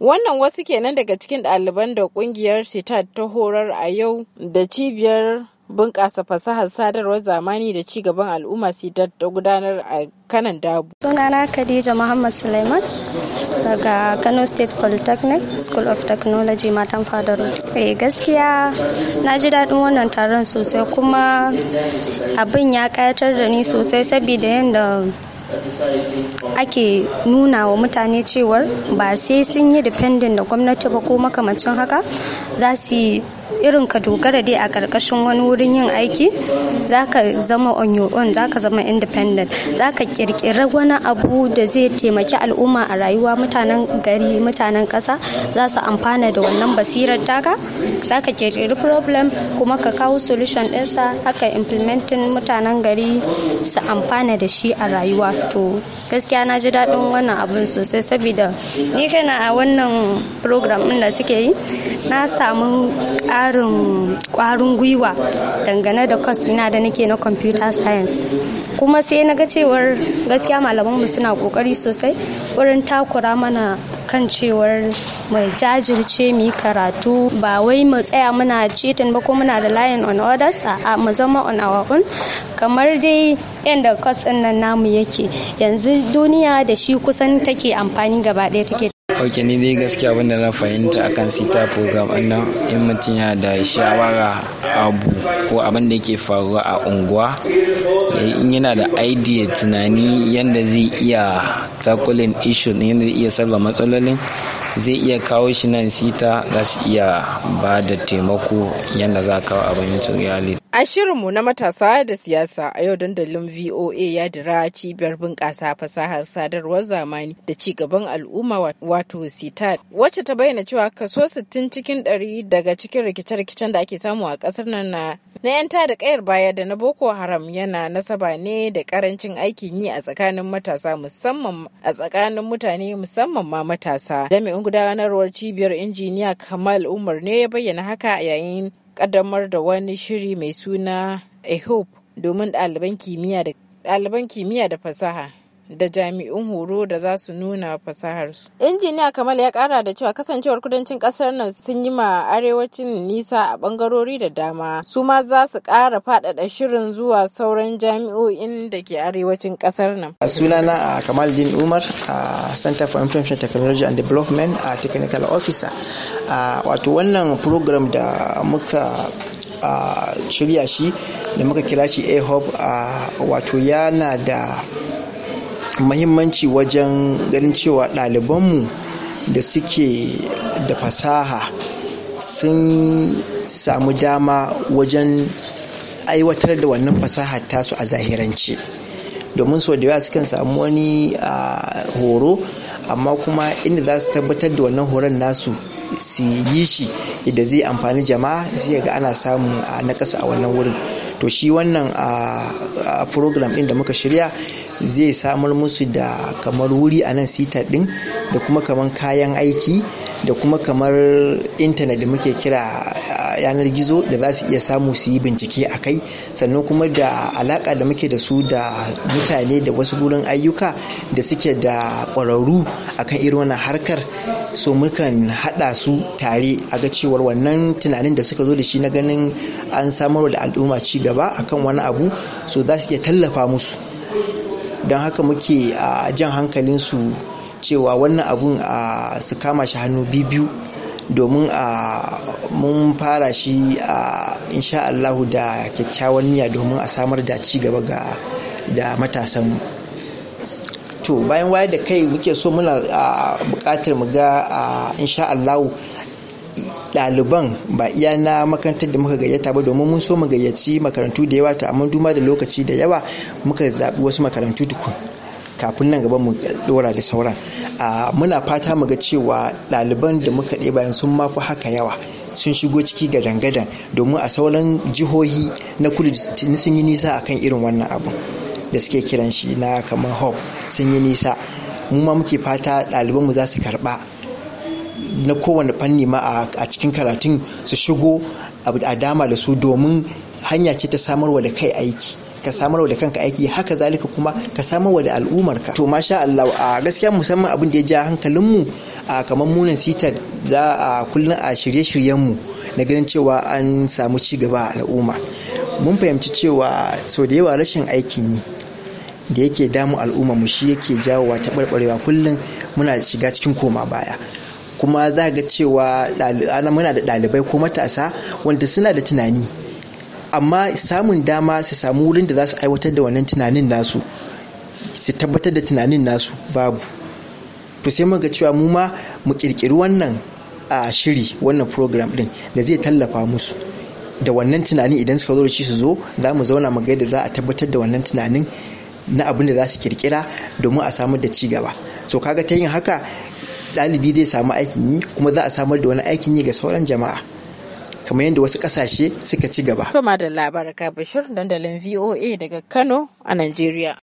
Wannan wasu kenan daga cikin ɗaliban da ƙungiyar sitad ta horar a yau da cibiyar bunƙasa fasahar sadarwar zamani da ci gaban al'umma sitar da gudanar a kanan dabu. Sunana Khadija Muhammad Suleiman daga Kano State Polytechnic School of Technology Matan Fadaro. Eh gaskiya na ji daɗin wannan taron sosai kuma abin ya ƙayatar da ni sosai saboda yadda ake nuna wa mutane cewar ba sai sun yi dependent da gwamnati ba ko makamancin haka za su irin ka dogara dai a karkashin wani wurin yin aiki za ka zama on your own zaka zama independent za ka kirkiri wani abu da zai taimaki al'umma a rayuwa mutanen gari mutanen kasa za su amfana da wannan basirar taka za ka kirkiri problem kuma ka kawo solution ɗinsa haka implementing mutanen gari su amfana da shi a rayuwa to gaskiya na ji daɗin wannan abun sosai saboda ni kana a wannan program ɗin da suke yi na samu ƙara ƙarin ƙwarin gwiwa dangane da kwas ina da nake na computer science kuma sai na ga cewar gaskiya malamanmu suna ƙoƙari sosai wurin takura mana kan cewar mai jajirce mu yi karatu ba wai mu tsaya muna cheating ba ko muna da lion on orders a mu zama on our own kamar dai yadda kwas ɗin nan namu yake yanzu duniya da shi kusan take amfani gaba ɗaya take ok ni dai gaskiya da na fahimta akan sita program nan in mutum yana da shawara abu ko abin da yake faruwa a unguwa eh, in yana da idea tunani yadda zai iya tackling issue yadda zai iya matsalolin zai iya kawo shi nan sita za su iya ba da taimako yadda za a kawo abin reality A shirinmu na matasa da siyasa a yau dandalin VOA ya dira cibiyar bunƙasa fasahar sadarwar zamani da ci gaban al'umma wato wato sitat wacce ta bayyana cewa kaso 60 cikin 100 daga cikin rikice-rikicen da ake samu a kasar nan na na 'yan da kayar baya da na boko haram yana nasaba ne da karancin aikin yi a tsakanin matasa musamman a tsakanin mutane musamman ma matasa jami'in gudanarwar cibiyar injiniya kamal umar ne ya bayyana haka a yayin kaddamar da wani shiri mai suna a hope domin ɗaliban kimiyya da fasaha da jami'un horo da za su nuna su Injiniya Kamal ya kara da cewa kasancewar kudancin kasar nan sun yi ma arewacin nisa a bangarori da dama. Su ma za su kara faɗaɗa shirin zuwa sauran jami'o'in da ke arewacin kasar nan. A sunana a Kamal Din Umar a Center for Information Technology and Development a Technical Officer. Wato wannan program da muka shirya shi da muka kira shi a-hub wato yana da mahimmanci wajen ganin cewa ɗalibanmu da suke da fasaha sun samu dama wajen aiwatar da wannan fasaha tasu a zahirance domin sau da yawa sukan samu wani horo amma kuma inda za su tabbatar da wannan horon nasu su yi shi idan zai amfani jama'a zai ga ana samun a nakasa a wannan wurin to shi wannan a program din da muka shirya zai samar musu da kamar wuri a nan sitar din da kuma kamar kayan aiki da kuma kamar intanet da muke kira yanar gizo da za su iya samu su yi bincike a kai sannan kuma da alaka da muke da su da mutane da wasu gurin ayyuka da suke da ƙwararru akan irin wannan harkar so mukan haɗa su tare a ga cewar wannan tunanin da suka zo da shi na ganin an samarwa da al'umma ci gaba akan wani abu so za su iya tallafa musu don haka muke a jan hankalinsu cewa wannan abun a su kama shi hannu biyu domin a mun fara shi a insha Allahu da kyakkyawan niyya domin a samar da ci gaba ga da matasanmu to bayan wayar da kai muke so muna buƙatar mu ga insha Allahu ɗaliban ba iya na makarantar da muka gayyata ba domin mun so mu gayyaci makarantu da yawa Ta amma duma da lokaci da yawa muka zaɓi wasu makarantu tukun kafin nan gaba mu ɗora da sauran muna fata mu ga cewa ɗaliban da muka ɗeba sun mafi haka yawa sun shigo ciki ga dangadan domin a sauran jihohi na kudu sun yi nisa akan irin wannan abu da suke kiran shi na kamar Hope sun yi nisa mu ma muke fata mu za su karɓa na kowane fanni ma a cikin karatun su shigo a dama da su domin hanya ce ta samarwa da kai aiki ka samarwa da kanka aiki haka zalika kuma ka samarwa da ka to masha Allah a gaskiya musamman abin da ya ja hankalinmu a kamar munin sitar za a kullum a shirye-shiryenmu na ganin cewa an samu ci gaba a al'umma mun fahimci cewa sau da yawa rashin aiki ne da yake damu al'umma mu shi yake jawowa taɓarɓarewa kullum muna shiga cikin koma baya kuma za ga cewa muna da ɗalibai ko matasa wanda suna da tunani amma samun dama su samu wurin da za su aiwatar da wannan tunanin nasu su tabbatar da tunanin nasu babu to sai ga cewa mu ma mu kirkiri wannan a shiri wannan program din da zai tallafa musu da wannan tunanin idan suka zo da shi su zo za mu zauna mu ga yadda za a tabbatar da wannan tunanin na abin da za su kirkira domin a samar da ci gaba so kaga ta yin haka ɗalibi zai samu aikin yi kuma za a samar da wani aikin yi ga sauran jama'a kamar yadda wasu ƙasashe suka ci gaba. Kuma da labar Bashir dandalin VOA daga Kano a Najeriya.